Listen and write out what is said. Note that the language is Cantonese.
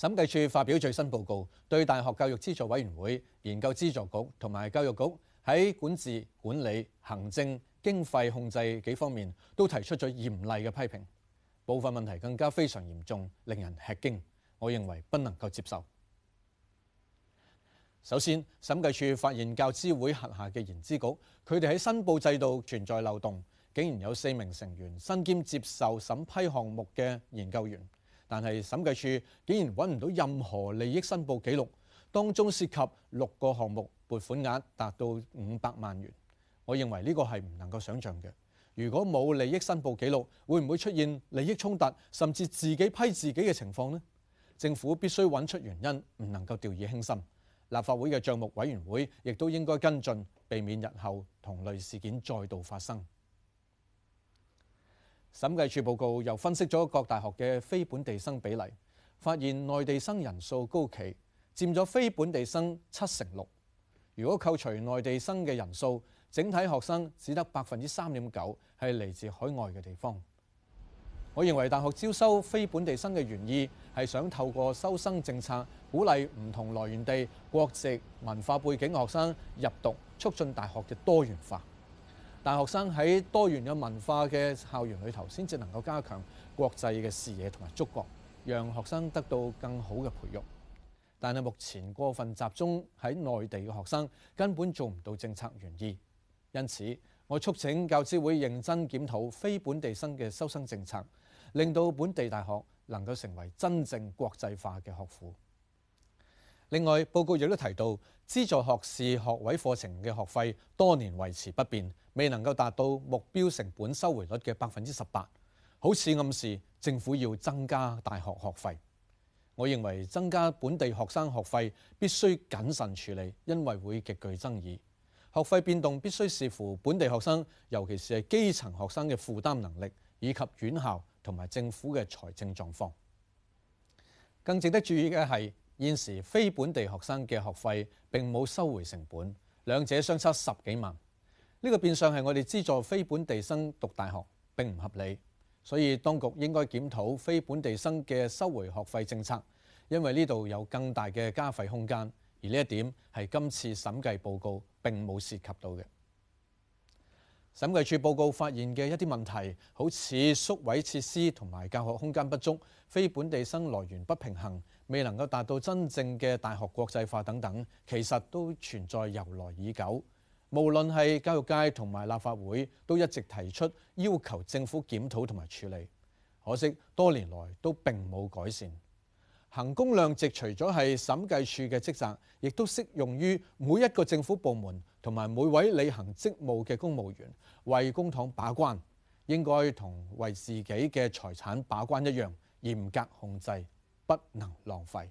審計處發表最新報告，對大學教育資助委員會、研究資助局同埋教育局喺管治、管理、行政、經費控制的幾方面都提出咗嚴厲嘅批評。部分問題更加非常嚴重，令人吃驚。我認為不能夠接受。首先，審計處發現教資會轄下嘅研資局，佢哋喺申報制度存在漏洞，竟然有四名成員身兼接受審批項目嘅研究員。但係審計處竟然揾唔到任何利益申報記錄，當中涉及六個項目撥款額達到五百萬元，我認為呢個係唔能夠想像嘅。如果冇利益申報記錄，會唔會出現利益衝突，甚至自己批自己嘅情況呢？政府必須揾出原因，唔能夠掉以輕心。立法會嘅帳目委員會亦都應該跟進，避免日後同類事件再度發生。審計署報告又分析咗各大學嘅非本地生比例，發現內地生人數高企，佔咗非本地生七成六。如果扣除內地生嘅人數，整體學生只得百分之三點九係嚟自海外嘅地方。我認為大學招收非本地生嘅原意係想透過收生政策，鼓勵唔同來源地、國籍、文化背景學生入讀，促進大學嘅多元化。大學生喺多元嘅文化嘅校園裏頭，先至能夠加強國際嘅視野同埋觸覺，讓學生得到更好嘅培育。但係目前過分集中喺內地嘅學生，根本做唔到政策原意。因此，我促請教資會認真檢討非本地生嘅收生政策，令到本地大學能夠成為真正國際化嘅學府。另外，報告亦都提到，資助學士學位課程嘅學費多年維持不變，未能夠達到目標成本收回率嘅百分之十八，好似暗示政府要增加大學學費。我認為增加本地學生學費必須謹慎處理，因為會極具爭議。學費變動必須視乎本地學生，尤其是係基層學生嘅負擔能力，以及院校同埋政府嘅財政狀況。更值得注意嘅係，現時非本地學生嘅學費並冇收回成本，兩者相差十幾萬。呢個變相係我哋資助非本地生讀大學並唔合理，所以當局應該檢討非本地生嘅收回學費政策，因為呢度有更大嘅加費空間，而呢一點係今次審計報告並冇涉及到嘅。審計署報告發現嘅一啲問題，好似宿位設施同埋教學空間不足、非本地生來源不平衡、未能夠達到真正嘅大學國際化等等，其實都存在由來已久。無論係教育界同埋立法會，都一直提出要求政府檢討同埋處理，可惜多年來都並冇改善。行公量直除咗係審計處嘅職責，亦都適用於每一個政府部門同埋每位履行職務嘅公務員，為公帑把關應該同為自己嘅財產把關一樣嚴格控制，不能浪費。